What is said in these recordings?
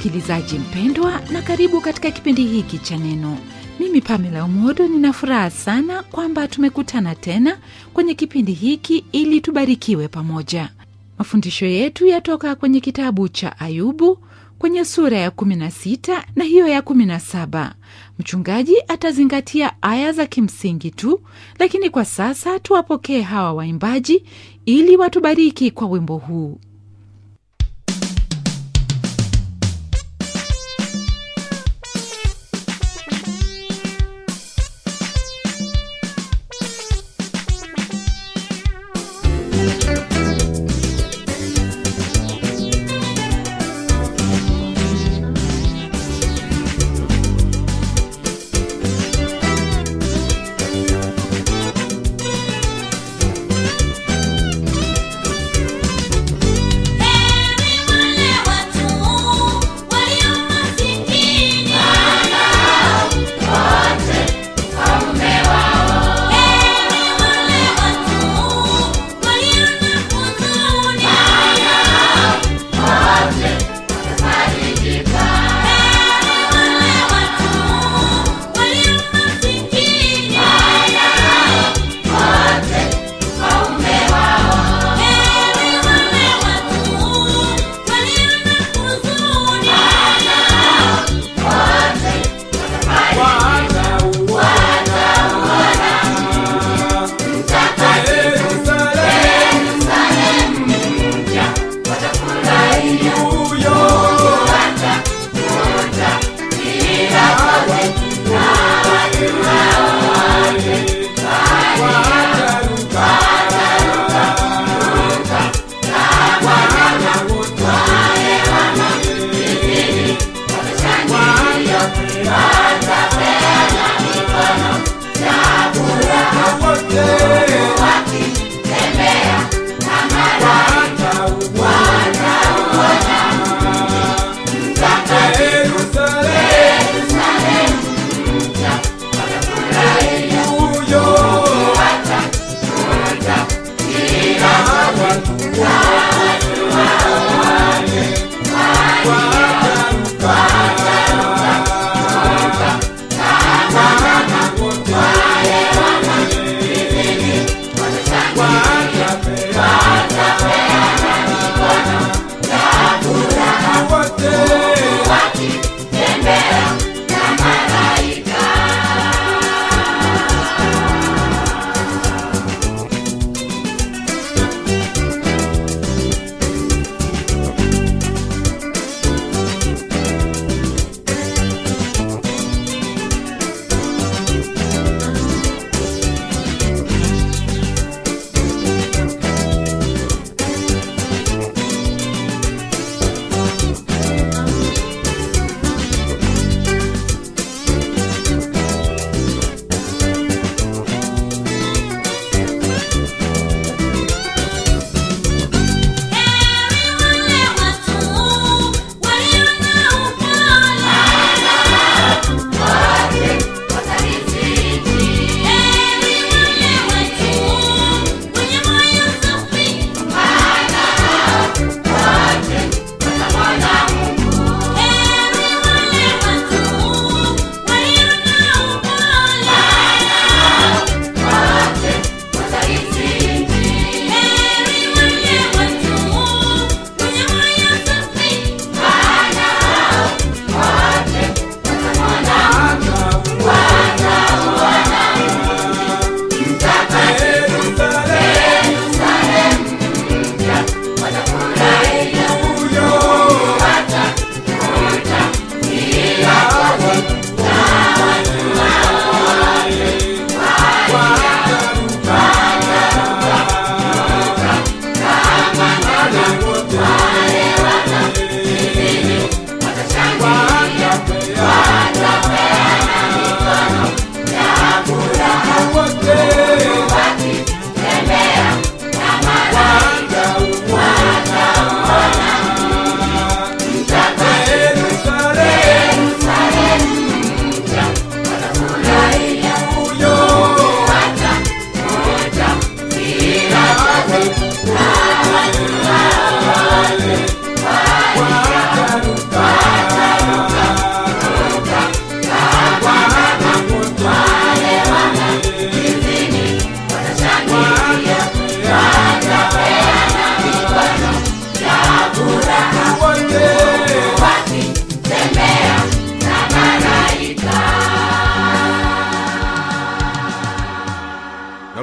msikilizaji mpendwa na karibu katika kipindi hiki cha neno mimi pamela umodo nina furaha sana kwamba tumekutana tena kwenye kipindi hiki ili tubarikiwe pamoja mafundisho yetu yatoka kwenye kitabu cha ayubu kwenye sura ya 16 na hiyo ya 17 mchungaji atazingatia aya za kimsingi tu lakini kwa sasa tuwapokee hawa waimbaji ili watubariki kwa wimbo huu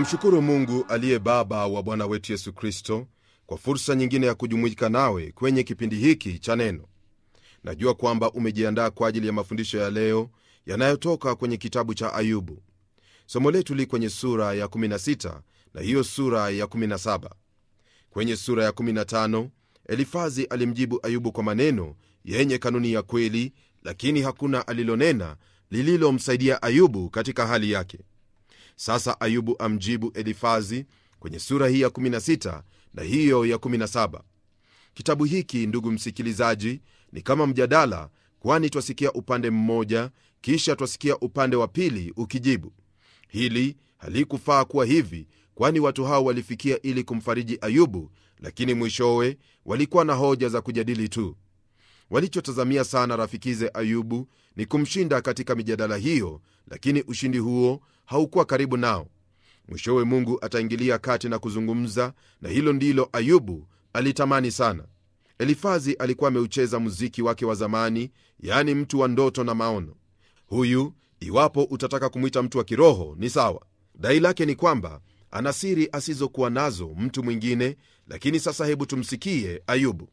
Tumshukuru Mungu aliye Baba wa Bwana wetu Yesu Kristo kwa fursa nyingine ya kujumuika nawe kwenye kipindi hiki cha neno. Najua kwamba umejiandaa kwa ajili ya mafundisho ya leo yanayotoka kwenye kitabu cha Ayubu. Somo letu li kwenye sura ya 16 na hiyo sura ya 17. Kwenye sura ya 15 Elifazi alimjibu Ayubu kwa maneno yenye kanuni ya kweli, lakini hakuna alilonena lililomsaidia Ayubu katika hali yake sasa ayubu amjibu elifazi kwenye sura hii ya 16 na hiyo ya 17 kitabu hiki ndugu msikilizaji ni kama mjadala kwani twasikia upande mmoja kisha twasikia upande wa pili ukijibu hili halikufaa kuwa hivi kwani watu hao walifikia ili kumfariji ayubu lakini mwishowe walikuwa na hoja za kujadili tu walichotazamia sana rafikize ayubu ni kumshinda katika mijadala hiyo lakini ushindi huo haukuwa karibu nao. Mwishowe Mungu ataingilia kati na kuzungumza, na hilo ndilo Ayubu alitamani sana. Elifazi alikuwa ameucheza muziki wake wa zamani, yaani mtu wa ndoto na maono. Huyu iwapo utataka kumwita mtu wa kiroho ni sawa. Dai lake ni kwamba ana siri asizokuwa nazo mtu mwingine. Lakini sasa hebu tumsikie Ayubu.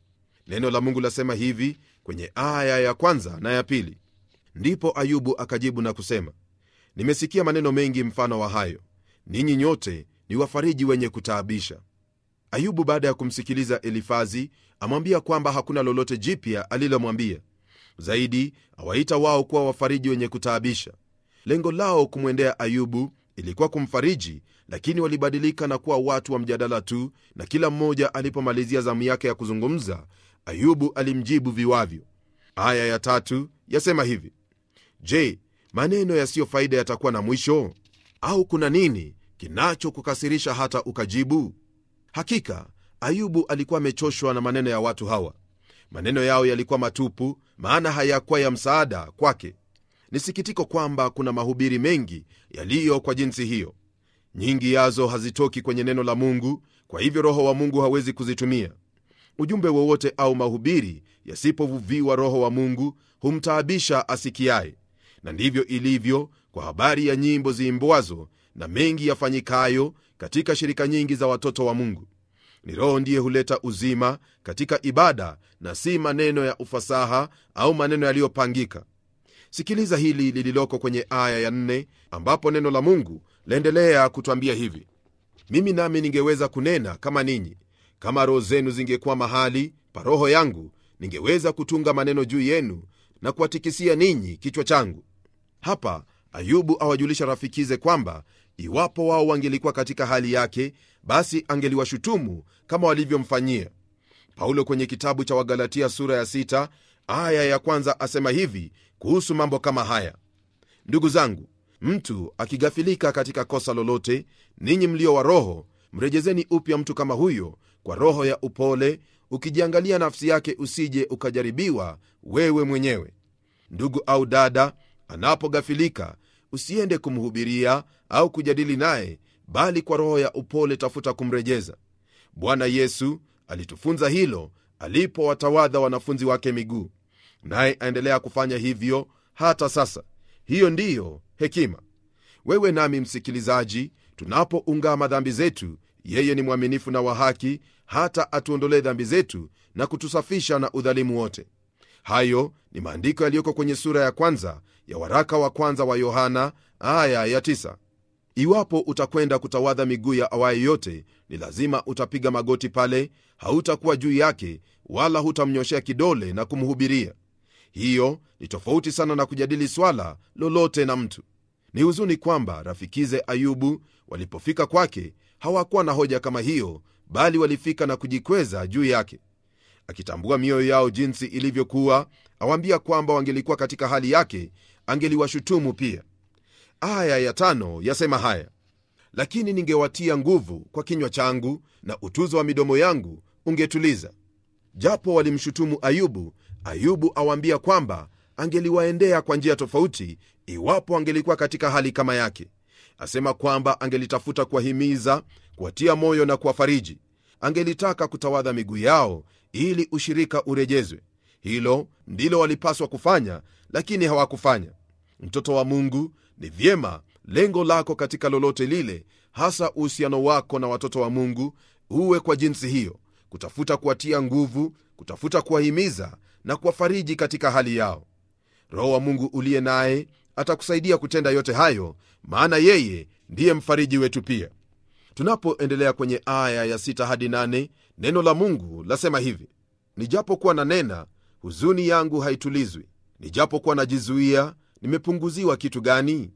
Neno la Mungu lasema hivi kwenye aya ya kwanza na ya pili: ndipo Ayubu akajibu na kusema Nimesikia maneno mengi mfano wa hayo, ninyi nyote ni wafariji wenye kutaabisha. Ayubu baada ya kumsikiliza Elifazi amwambia kwamba hakuna lolote jipya alilomwambia zaidi, awaita wao kuwa wafariji wenye kutaabisha. Lengo lao kumwendea Ayubu ilikuwa kumfariji, lakini walibadilika na kuwa watu wa mjadala tu, na kila mmoja alipomalizia zamu yake ya kuzungumza, Ayubu alimjibu viwavyo. Aya ya tatu yasema hivi: Je, maneno yasiyo faida yatakuwa na mwisho au kuna nini kinachokukasirisha hata ukajibu hakika ayubu alikuwa amechoshwa na maneno ya watu hawa maneno yao yalikuwa matupu maana hayakuwa ya msaada kwake ni sikitiko kwamba kuna mahubiri mengi yaliyo kwa jinsi hiyo nyingi yazo hazitoki kwenye neno la mungu kwa hivyo roho wa mungu hawezi kuzitumia ujumbe wowote au mahubiri yasipovuviwa roho wa mungu humtaabisha asikiaye na ndivyo ilivyo kwa habari ya nyimbo ziimbwazo na mengi yafanyikayo katika shirika nyingi za watoto wa mungu ni roho ndiye huleta uzima katika ibada na si maneno ya ufasaha au maneno yaliyopangika sikiliza hili lililoko kwenye aya ya nne, ambapo neno la mungu laendelea kutwambia hivi mimi nami ningeweza kunena kama ninyi kama roho zenu zingekuwa mahali pa roho yangu ningeweza kutunga maneno juu yenu na kuwatikisia ninyi kichwa changu hapa Ayubu awajulisha rafikize kwamba iwapo wao wangelikuwa katika hali yake, basi angeliwashutumu kama walivyomfanyia. Paulo kwenye kitabu cha Wagalatia sura ya sita aya ya kwanza asema hivi kuhusu mambo kama haya: ndugu zangu, mtu akigafilika katika kosa lolote, ninyi mlio wa roho, mrejezeni upya mtu kama huyo kwa roho ya upole, ukijiangalia nafsi yake, usije ukajaribiwa wewe mwenyewe. Ndugu au dada Anapogafilika usiende kumhubiria au kujadili naye, bali kwa roho ya upole tafuta kumrejeza. Bwana Yesu alitufunza hilo alipowatawadha wanafunzi wake miguu, naye aendelea kufanya hivyo hata sasa. Hiyo ndiyo hekima. Wewe nami, msikilizaji, tunapoungama dhambi zetu, yeye ni mwaminifu na wa haki, hata atuondolee dhambi zetu na kutusafisha na udhalimu wote. Hayo ni maandiko yaliyoko kwenye sura ya kwanza ya waraka wa kwanza wa Yohana aya ya tisa. Iwapo utakwenda kutawadha miguu ya awaye yote, ni lazima utapiga magoti pale, hautakuwa juu yake, wala hutamnyoshea kidole na kumhubiria. Hiyo ni tofauti sana na kujadili swala lolote na mtu. Ni huzuni kwamba rafikize Ayubu walipofika kwake hawakuwa na hoja kama hiyo, bali walifika na kujikweza juu yake. Akitambua mioyo yao jinsi ilivyokuwa, awaambia kwamba wangelikuwa katika hali yake angeliwashutumu pia. Aya ya tano yasema haya: lakini ningewatia nguvu kwa kinywa changu, na utuzo wa midomo yangu ungetuliza. Japo walimshutumu Ayubu, Ayubu awaambia kwamba angeliwaendea kwa njia tofauti iwapo angelikuwa katika hali kama yake. Asema kwamba angelitafuta kuwahimiza, kuwatia moyo na kuwafariji. Angelitaka kutawadha miguu yao ili ushirika urejezwe. Hilo ndilo walipaswa kufanya, lakini hawakufanya. Mtoto wa Mungu, ni vyema lengo lako katika lolote lile, hasa uhusiano wako na watoto wa Mungu, uwe kwa jinsi hiyo, kutafuta kuwatia nguvu, kutafuta kuwahimiza na kuwafariji katika hali yao. Roho wa Mungu uliye naye atakusaidia kutenda yote hayo, maana yeye ndiye mfariji wetu. Pia tunapoendelea kwenye aya ya 6 hadi 8 neno la Mungu lasema hivi: nijapokuwa na nena huzuni yangu haitulizwi, nijapokuwa najizuia, nimepunguziwa kitu gani?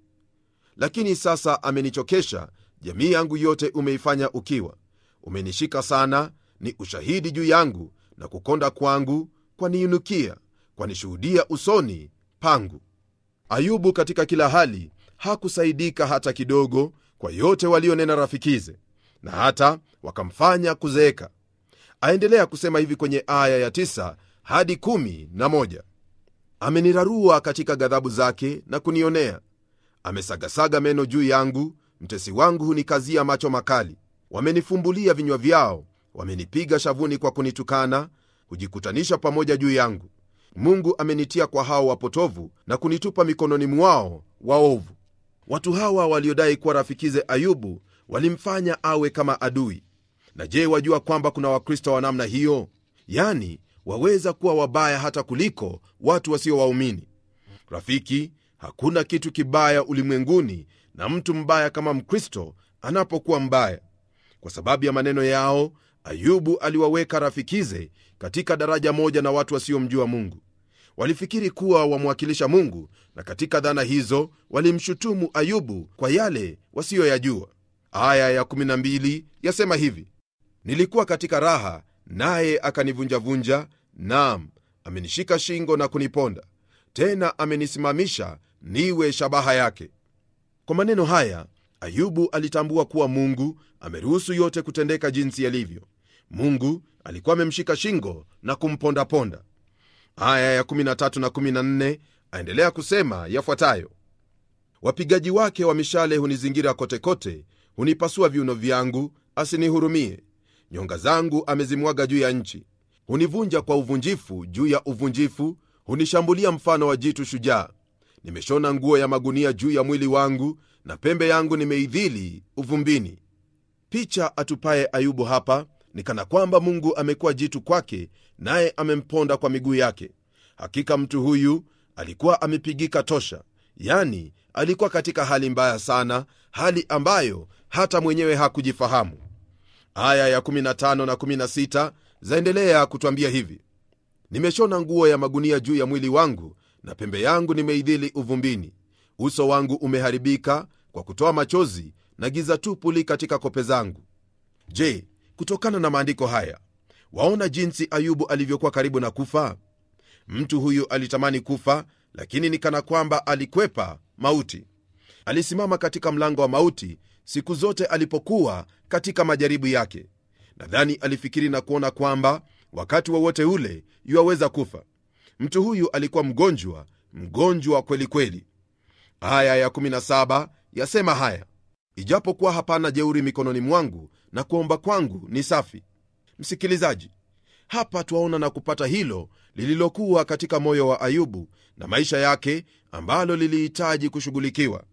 Lakini sasa amenichokesha, jamii yangu yote umeifanya ukiwa, umenishika sana, ni ushahidi juu yangu na kukonda kwangu kwaniinukia, kwanishuhudia usoni pangu. Ayubu katika kila hali hakusaidika hata kidogo kwa yote walionena rafikize, na hata wakamfanya kuzeeka. Aendelea kusema hivi kwenye aya ya hadi kumi na moja. Amenirarua katika ghadhabu zake na kunionea, amesagasaga meno juu yangu. Mtesi wangu hunikazia macho makali, wamenifumbulia vinywa vyao, wamenipiga shavuni kwa kunitukana, hujikutanisha pamoja juu yangu. Mungu amenitia kwa hao wapotovu na kunitupa mikononi mwao waovu. Watu hawa waliodai kuwa rafikize Ayubu walimfanya awe kama adui. Na je, wajua kwamba kuna Wakristo wa namna hiyo? Yani, waweza kuwa wabaya hata kuliko watu wasiowaumini. Rafiki, hakuna kitu kibaya ulimwenguni, na mtu mbaya kama Mkristo anapokuwa mbaya kwa sababu ya maneno yao, Ayubu aliwaweka rafikize katika daraja moja na watu wasiomjua Mungu. Walifikiri kuwa wamwakilisha Mungu, na katika dhana hizo walimshutumu Ayubu kwa yale wasiyoyajua. Aya ya 12 yasema hivi: nilikuwa katika raha, naye akanivunjavunja, Naam, amenishika shingo na kuniponda, tena amenisimamisha niwe shabaha yake. Kwa maneno haya, Ayubu alitambua kuwa Mungu ameruhusu yote kutendeka jinsi yalivyo. Mungu alikuwa amemshika shingo na kumpondaponda. Aya ya 13 na 14 aendelea kusema yafuatayo: wapigaji wake wa mishale hunizingira kotekote, hunipasua viuno vyangu, asinihurumie. Nyonga zangu amezimwaga juu ya nchi, hunivunja kwa uvunjifu juu ya uvunjifu, hunishambulia mfano wa jitu shujaa. Nimeshona nguo ya magunia juu ya mwili wangu, na pembe yangu nimeidhili uvumbini. Picha atupaye Ayubu hapa ni kana kwamba Mungu amekuwa jitu kwake, naye amemponda kwa miguu yake. Hakika mtu huyu alikuwa amepigika tosha, yani alikuwa katika hali mbaya sana, hali ambayo hata mwenyewe hakujifahamu. Aya ya 15 na zaendelea kutwambia hivi nimeshona nguo ya magunia juu ya mwili wangu na pembe yangu nimeidhili uvumbini uso wangu umeharibika kwa kutoa machozi na giza tupuli katika kope zangu je kutokana na maandiko haya waona jinsi ayubu alivyokuwa karibu na kufa mtu huyu alitamani kufa lakini ni kana kwamba alikwepa mauti alisimama katika mlango wa mauti siku zote alipokuwa katika majaribu yake Nadhani alifikiri na kuona kwamba wakati wowote wa ule yuwaweza kufa. Mtu huyu alikuwa mgonjwa, mgonjwa kwelikweli Aya ya 17 yasema haya: ijapokuwa hapana jeuri mikononi mwangu na kuomba kwangu ni safi. Msikilizaji, hapa twaona na kupata hilo lililokuwa katika moyo wa Ayubu na maisha yake ambalo lilihitaji kushughulikiwa.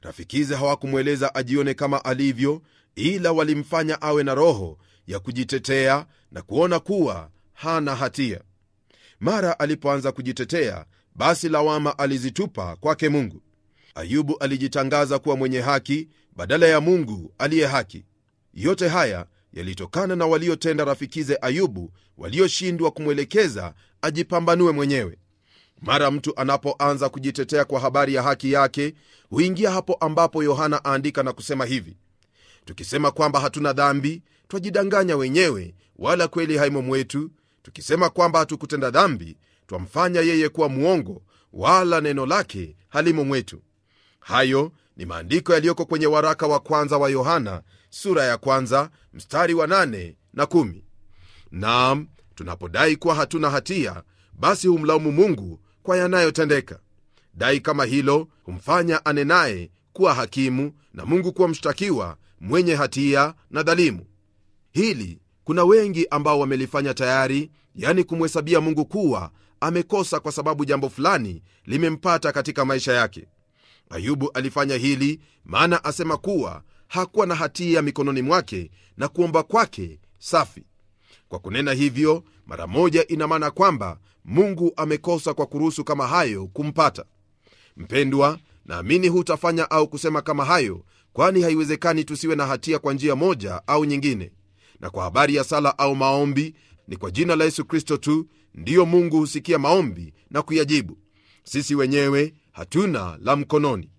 Rafikize hawakumweleza ajione kama alivyo, ila walimfanya awe na roho ya kujitetea na kuona kuwa hana hatia. Mara alipoanza kujitetea, basi lawama alizitupa kwake Mungu. Ayubu alijitangaza kuwa mwenye haki badala ya Mungu aliye haki. Yote haya yalitokana na waliotenda rafikize Ayubu, walioshindwa kumwelekeza ajipambanue mwenyewe. Mara mtu anapoanza kujitetea kwa habari ya haki yake, huingia hapo ambapo Yohana aandika na kusema hivi: tukisema kwamba hatuna dhambi, twajidanganya wenyewe, wala kweli haimo mwetu, tukisema kwamba hatukutenda dhambi, twamfanya yeye kuwa mwongo, wala neno lake halimo mwetu. Hayo ni maandiko yaliyoko kwenye waraka wa kwanza wa Yohana sura ya kwanza mstari wa nane na kumi. Naam, tunapodai kuwa hatuna hatia, basi humlaumu Mungu kwa yanayotendeka. Dai kama hilo humfanya anenaye kuwa hakimu na Mungu kuwa mshtakiwa mwenye hatia na dhalimu. Hili kuna wengi ambao wamelifanya tayari, yani kumhesabia Mungu kuwa amekosa kwa sababu jambo fulani limempata katika maisha yake. Ayubu alifanya hili, maana asema kuwa hakuwa na hatia mikononi mwake na kuomba kwake safi. Kwa kunena hivyo mara moja, ina maana kwamba Mungu amekosa kwa kuruhusu kama hayo kumpata. Mpendwa, naamini hutafanya au kusema kama hayo, kwani haiwezekani tusiwe na hatia kwa njia moja au nyingine na kwa habari ya sala au maombi, ni kwa jina la Yesu Kristo tu ndiyo Mungu husikia maombi na kuyajibu. Sisi wenyewe hatuna la mkononi.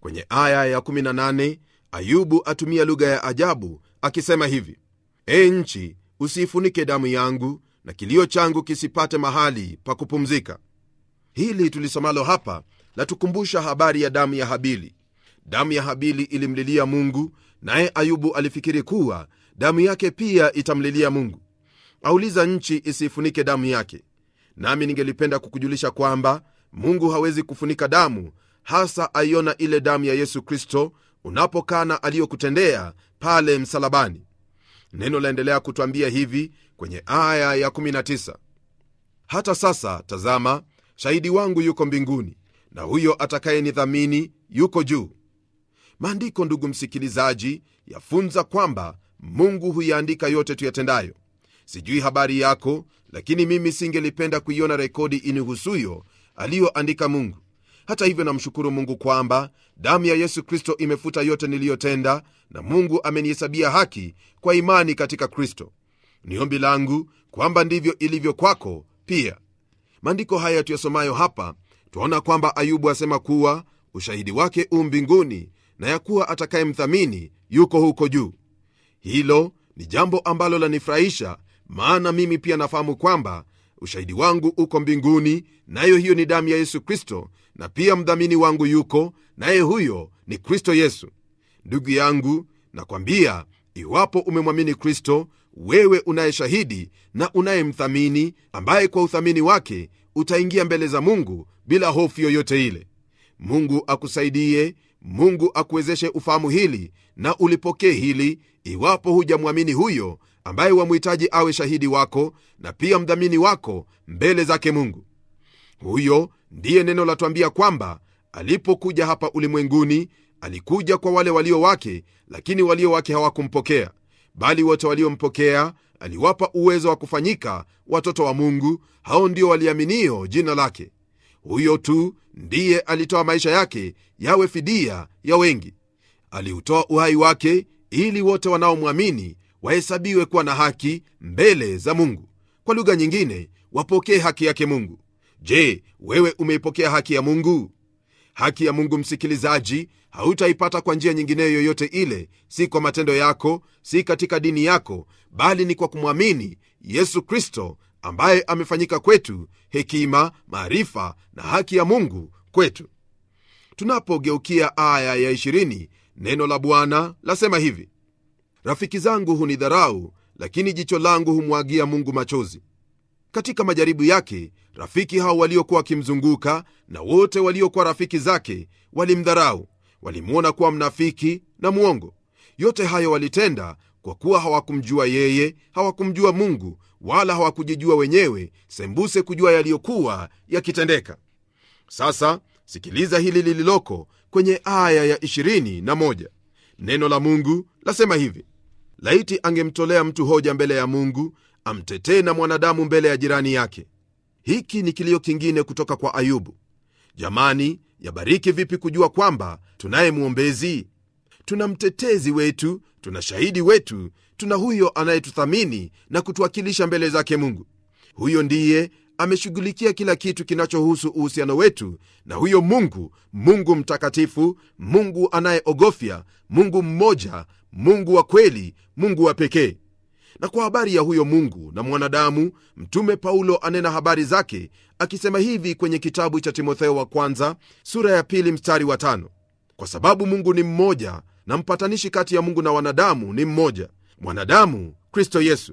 Kwenye aya ya 18 Ayubu atumia lugha ya ajabu akisema hivi: E nchi, usiifunike damu yangu, na kilio changu kisipate mahali pa kupumzika. Hili tulisomalo hapa latukumbusha habari ya damu ya Habili. Damu ya Habili ilimlilia Mungu, naye Ayubu alifikiri kuwa damu yake pia itamlilia mungu auliza nchi isiifunike damu yake nami ningelipenda kukujulisha kwamba mungu hawezi kufunika damu hasa aiona ile damu ya yesu kristo unapokana aliyokutendea pale msalabani neno laendelea kutwambia hivi kwenye aya ya 19 hata sasa tazama shahidi wangu yuko mbinguni na huyo atakaye dhamini yuko juu maandiko ndugu msikilizaji yafunza kwamba mungu huyaandika yote tuyatendayo sijui habari yako lakini mimi singelipenda kuiona rekodi inihusuyo aliyoandika mungu hata hivyo namshukuru mungu kwamba damu ya yesu kristo imefuta yote niliyotenda na mungu amenihesabia haki kwa imani katika kristo ni ombi langu kwamba ndivyo ilivyo kwako pia maandiko haya tuyasomayo hapa twaona kwamba ayubu asema kuwa ushahidi wake u mbinguni na ya kuwa atakayemthamini yuko huko juu hilo ni jambo ambalo lanifurahisha maana mimi pia nafahamu kwamba ushahidi wangu uko mbinguni nayo hiyo ni damu ya yesu kristo na pia mdhamini wangu yuko naye huyo ni kristo yesu ndugu yangu nakwambia iwapo umemwamini kristo wewe unaye shahidi na unayemthamini ambaye kwa uthamini wake utaingia mbele za mungu bila hofu yoyote ile mungu akusaidie mungu akuwezeshe ufahamu hili na ulipokee hili iwapo hujamwamini huyo ambaye wamhitaji awe shahidi wako na pia mdhamini wako mbele zake mungu huyo ndiye neno latwambia kwamba alipokuja hapa ulimwenguni alikuja kwa wale walio wake lakini walio wake hawakumpokea bali wote waliompokea aliwapa uwezo wa kufanyika watoto wa mungu hao ndio waliaminio jina lake huyo tu ndiye alitoa maisha yake yawe fidia ya wengi aliutoa uhai wake ili wote wanaomwamini wahesabiwe kuwa na haki mbele za Mungu. Kwa lugha nyingine, wapokee haki yake Mungu. Je, wewe umeipokea haki ya Mungu? Haki ya Mungu, msikilizaji, hautaipata kwa njia nyingineyo yoyote ile, si kwa matendo yako, si katika dini yako, bali ni kwa kumwamini Yesu Kristo ambaye amefanyika kwetu hekima, maarifa na haki ya Mungu kwetu. Tunapogeukia aya ya neno la bwana lasema hivi rafiki zangu hunidharau lakini jicho langu humwagia mungu machozi katika majaribu yake rafiki hao waliokuwa wakimzunguka na wote waliokuwa rafiki zake walimdharau walimwona kuwa mnafiki na mwongo yote hayo walitenda kwa kuwa hawakumjua yeye hawakumjua mungu wala hawakujijua wenyewe sembuse kujua yaliyokuwa yakitendeka sasa sikiliza hili lililoko kwenye aya ya 21 neno la Mungu lasema hivi: laiti angemtolea mtu hoja mbele ya Mungu, amtetee na mwanadamu mbele ya jirani yake. Hiki ni kilio kingine kutoka kwa Ayubu. Jamani, yabariki vipi kujua kwamba tunaye mwombezi, tuna mtetezi wetu, tuna shahidi wetu, tuna huyo anayetuthamini na kutuwakilisha mbele zake Mungu. Huyo ndiye ameshughulikia kila kitu kinachohusu uhusiano wetu na huyo mungu mungu mtakatifu mungu anayeogofya mungu mmoja mungu wa kweli mungu wa pekee na kwa habari ya huyo mungu na mwanadamu mtume paulo anena habari zake akisema hivi kwenye kitabu cha timotheo wa kwanza sura ya pili mstari wa tano kwa sababu mungu ni mmoja na mpatanishi kati ya mungu na wanadamu ni mmoja mwanadamu kristo yesu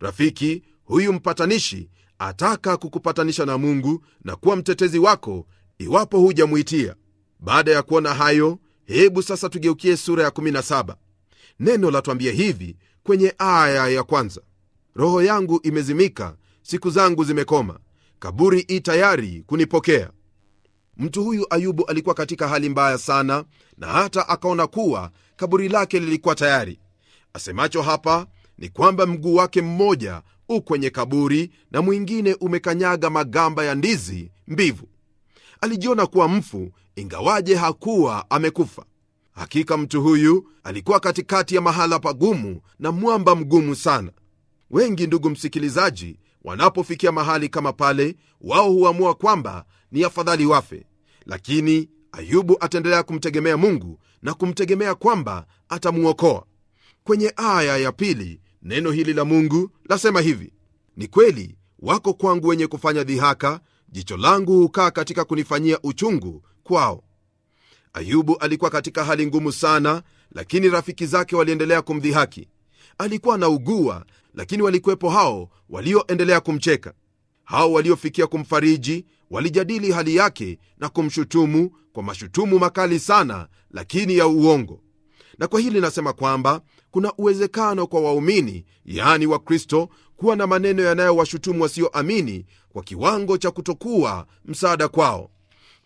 rafiki huyu mpatanishi ataka kukupatanisha na Mungu na kuwa mtetezi wako iwapo hujamwitia. Baada ya kuona hayo, hebu sasa tugeukie sura ya 17. Neno latwambia hivi kwenye aya ya kwanza: roho yangu imezimika, siku zangu zimekoma, kaburi i tayari kunipokea. Mtu huyu Ayubu alikuwa katika hali mbaya sana, na hata akaona kuwa kaburi lake lilikuwa tayari. Asemacho hapa ni kwamba mguu wake mmoja u kwenye kaburi na mwingine umekanyaga magamba ya ndizi mbivu. Alijiona kuwa mfu, ingawaje hakuwa amekufa. Hakika mtu huyu alikuwa katikati ya mahala pagumu na mwamba mgumu sana. Wengi, ndugu msikilizaji, wanapofikia mahali kama pale, wao huamua kwamba ni afadhali wafe, lakini Ayubu ataendelea kumtegemea Mungu na kumtegemea kwamba atamwokoa. Kwenye aya ya pili Neno hili la Mungu lasema hivi: ni kweli wako kwangu wenye kufanya dhihaka, jicho langu hukaa katika kunifanyia uchungu kwao. Ayubu alikuwa katika hali ngumu sana, lakini rafiki zake waliendelea kumdhihaki. Alikuwa anaugua, lakini walikuwepo hao walioendelea kumcheka. Hao waliofikia kumfariji walijadili hali yake na kumshutumu kwa mashutumu makali sana, lakini ya uongo. Na kwa hili nasema kwamba kuna uwezekano kwa waumini yaani wakristo kuwa na maneno yanayowashutumu wasioamini kwa kiwango cha kutokuwa msaada kwao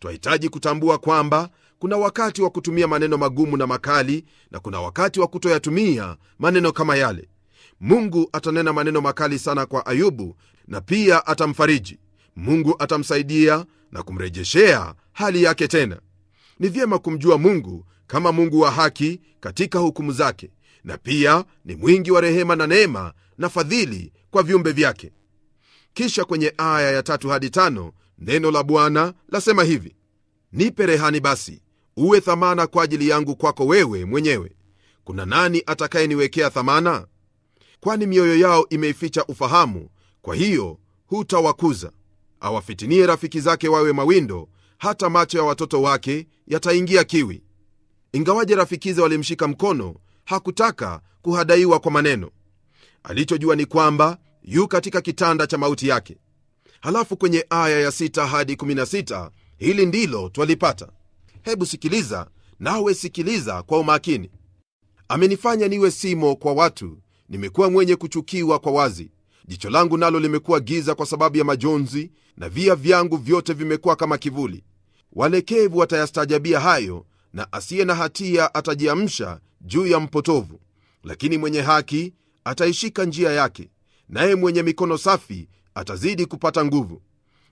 twahitaji kutambua kwamba kuna wakati wa kutumia maneno magumu na makali na kuna wakati wa kutoyatumia maneno kama yale mungu atanena maneno makali sana kwa ayubu na pia atamfariji mungu atamsaidia na kumrejeshea hali yake tena ni vyema kumjua mungu kama mungu wa haki katika hukumu zake na pia ni mwingi wa rehema na neema na fadhili kwa viumbe vyake kisha kwenye aya ya tatu hadi tano neno la bwana lasema hivi nipe rehani basi uwe thamana kwa ajili yangu kwako wewe mwenyewe kuna nani atakayeniwekea thamana kwani mioyo yao imeificha ufahamu kwa hiyo hutawakuza awafitinie rafiki zake wawe mawindo hata macho ya watoto wake yataingia kiwi ingawaje rafikize walimshika mkono hakutaka kuhadaiwa kwa maneno. Alichojua ni kwamba yu katika kitanda cha mauti yake. Halafu kwenye aya ya 6 hadi 16 hili ndilo twalipata. Hebu sikiliza, nawe sikiliza kwa umakini. Amenifanya niwe simo kwa watu, nimekuwa mwenye kuchukiwa kwa wazi. Jicho langu nalo limekuwa giza kwa sababu ya majonzi, na via vyangu vyote vimekuwa kama kivuli. Walekevu watayastajabia hayo, na asiye na hatia atajiamsha juu ya mpotovu lakini mwenye haki ataishika njia yake naye mwenye mikono safi atazidi kupata nguvu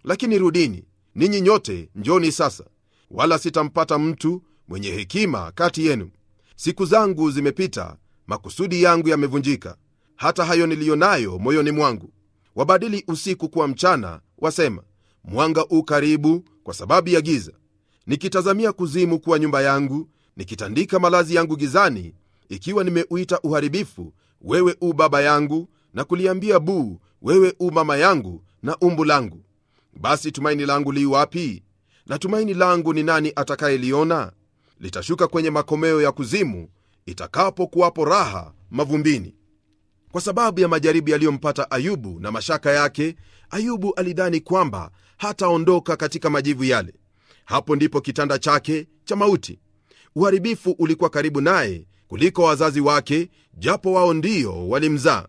lakini rudini ninyi nyote njoni sasa wala sitampata mtu mwenye hekima kati yenu siku zangu zimepita makusudi yangu yamevunjika hata hayo niliyo nayo moyoni mwangu wabadili usiku kuwa mchana wasema mwanga u karibu kwa sababu ya giza nikitazamia kuzimu kuwa nyumba yangu nikitandika malazi yangu gizani, ikiwa nimeuita uharibifu, wewe u baba yangu, na kuliambia buu, wewe u mama yangu na umbu langu, basi tumaini langu li wapi? Na tumaini langu ni nani atakayeliona? Litashuka kwenye makomeo ya kuzimu, itakapokuwapo raha mavumbini. Kwa sababu ya majaribu yaliyompata Ayubu na mashaka yake, Ayubu alidhani kwamba hataondoka katika majivu yale. Hapo ndipo kitanda chake cha mauti uharibifu ulikuwa karibu naye kuliko wazazi wake japo wao ndio walimzaa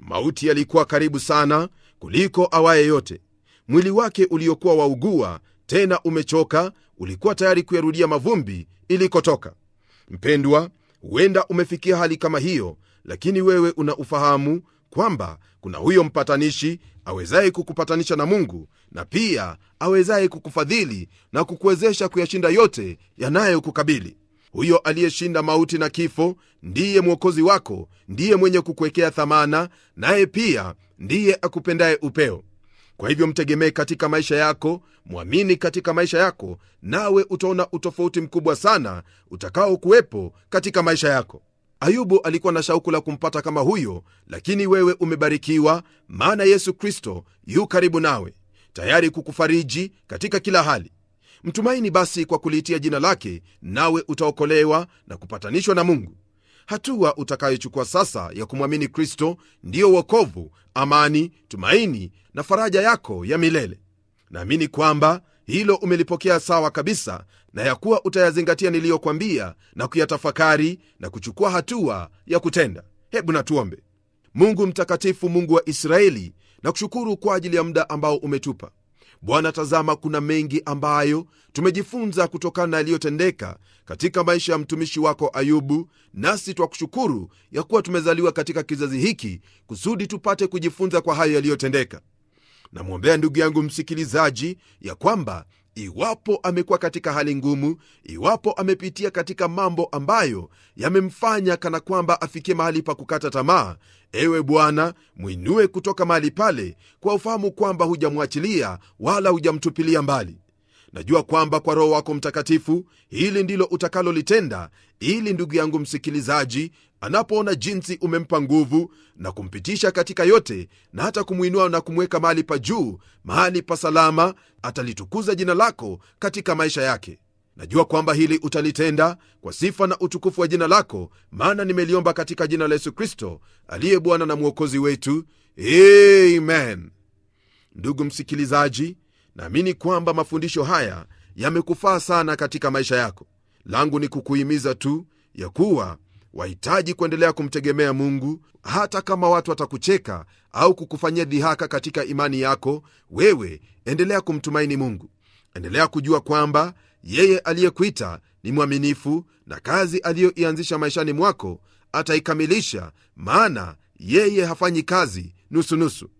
mauti yalikuwa karibu sana kuliko awaye yote mwili wake uliokuwa waugua tena umechoka ulikuwa tayari kuyarudia mavumbi ilikotoka mpendwa huenda umefikia hali kama hiyo lakini wewe una ufahamu kwamba kuna huyo mpatanishi awezaye kukupatanisha na mungu na pia awezaye kukufadhili na kukuwezesha kuyashinda yote yanayokukabili huyo aliyeshinda mauti na kifo ndiye mwokozi wako ndiye mwenye kukuwekea thamana naye pia ndiye akupendaye upeo kwa hivyo mtegemee katika maisha yako mwamini katika maisha yako nawe utaona utofauti mkubwa sana utakaokuwepo katika maisha yako ayubu alikuwa na shauku la kumpata kama huyo lakini wewe umebarikiwa maana yesu kristo yu karibu nawe tayari kukufariji katika kila hali mtumaini basi kwa kuliitia jina lake nawe utaokolewa na kupatanishwa na mungu hatua utakayochukua sasa ya kumwamini kristo ndiyo uokovu amani tumaini na faraja yako ya milele naamini kwamba hilo umelipokea sawa kabisa, na ya kuwa utayazingatia niliyokwambia na kuyatafakari na kuchukua hatua ya kutenda. Hebu natuombe. Mungu mtakatifu, Mungu wa Israeli, na kushukuru kwa ajili ya muda ambao umetupa Bwana. Tazama, kuna mengi ambayo tumejifunza kutokana na yaliyotendeka katika maisha ya mtumishi wako Ayubu, nasi twakushukuru ya kuwa tumezaliwa katika kizazi hiki kusudi tupate kujifunza kwa hayo yaliyotendeka namwombea ndugu yangu msikilizaji ya kwamba iwapo amekuwa katika hali ngumu iwapo amepitia katika mambo ambayo yamemfanya kana kwamba afikie mahali pa kukata tamaa ewe bwana mwinue kutoka mahali pale kwa ufahamu kwamba hujamwachilia wala hujamtupilia mbali najua kwamba kwa roho wako mtakatifu hili ndilo utakalolitenda ili ndugu yangu msikilizaji anapoona jinsi umempa nguvu na kumpitisha katika yote na hata kumwinua na kumweka mahali pa juu, mahali pa salama, atalitukuza jina lako katika maisha yake. Najua kwamba hili utalitenda kwa sifa na utukufu wa jina lako, maana nimeliomba katika jina la Yesu Kristo aliye Bwana na Mwokozi wetu, amen. Ndugu msikilizaji, naamini kwamba mafundisho haya yamekufaa sana katika maisha yako. Langu ni kukuhimiza tu ya kuwa wahitaji kuendelea kumtegemea mungu hata kama watu watakucheka au kukufanyia dhihaka katika imani yako wewe endelea kumtumaini mungu endelea kujua kwamba yeye aliyekuita ni mwaminifu na kazi aliyoianzisha maishani mwako ataikamilisha maana yeye hafanyi kazi nusunusu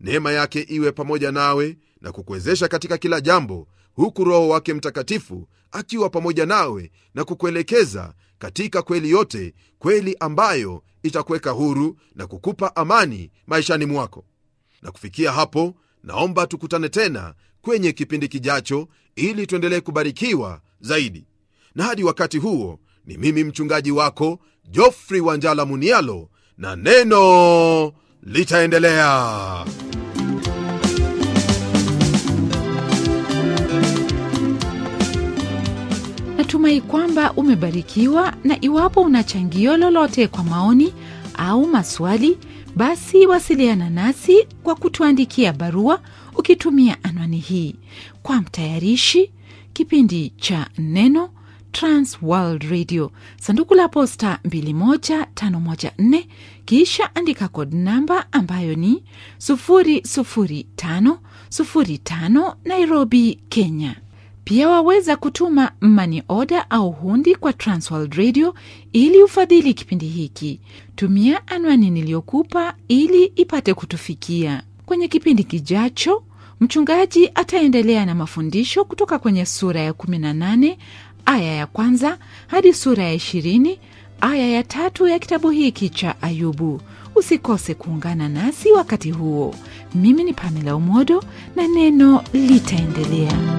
neema yake iwe pamoja nawe na kukuwezesha katika kila jambo huku roho wake mtakatifu akiwa pamoja nawe na kukuelekeza katika kweli yote, kweli ambayo itakuweka huru na kukupa amani maishani mwako. Na kufikia hapo, naomba tukutane tena kwenye kipindi kijacho, ili tuendelee kubarikiwa zaidi. Na hadi wakati huo, ni mimi mchungaji wako Jofri Wanjala Munialo, na neno litaendelea. Natumai kwamba umebarikiwa, na iwapo una changio lolote kwa maoni au maswali, basi wasiliana nasi kwa kutuandikia barua ukitumia anwani hii. Kwa mtayarishi kipindi cha Neno, Trans World Radio, sanduku la posta 21514, kisha andika kod namba ambayo ni 00505 Nairobi, Kenya. Pia waweza kutuma mani oda au hundi kwa Transworld Radio ili ufadhili kipindi hiki. Tumia anwani niliyokupa ili ipate kutufikia. Kwenye kipindi kijacho, mchungaji ataendelea na mafundisho kutoka kwenye sura ya 18 aya ya kwanza hadi sura ya 20 aya ya tatu ya kitabu hiki cha Ayubu. Usikose kuungana nasi wakati huo. Mimi ni Pamela Umodo na neno litaendelea.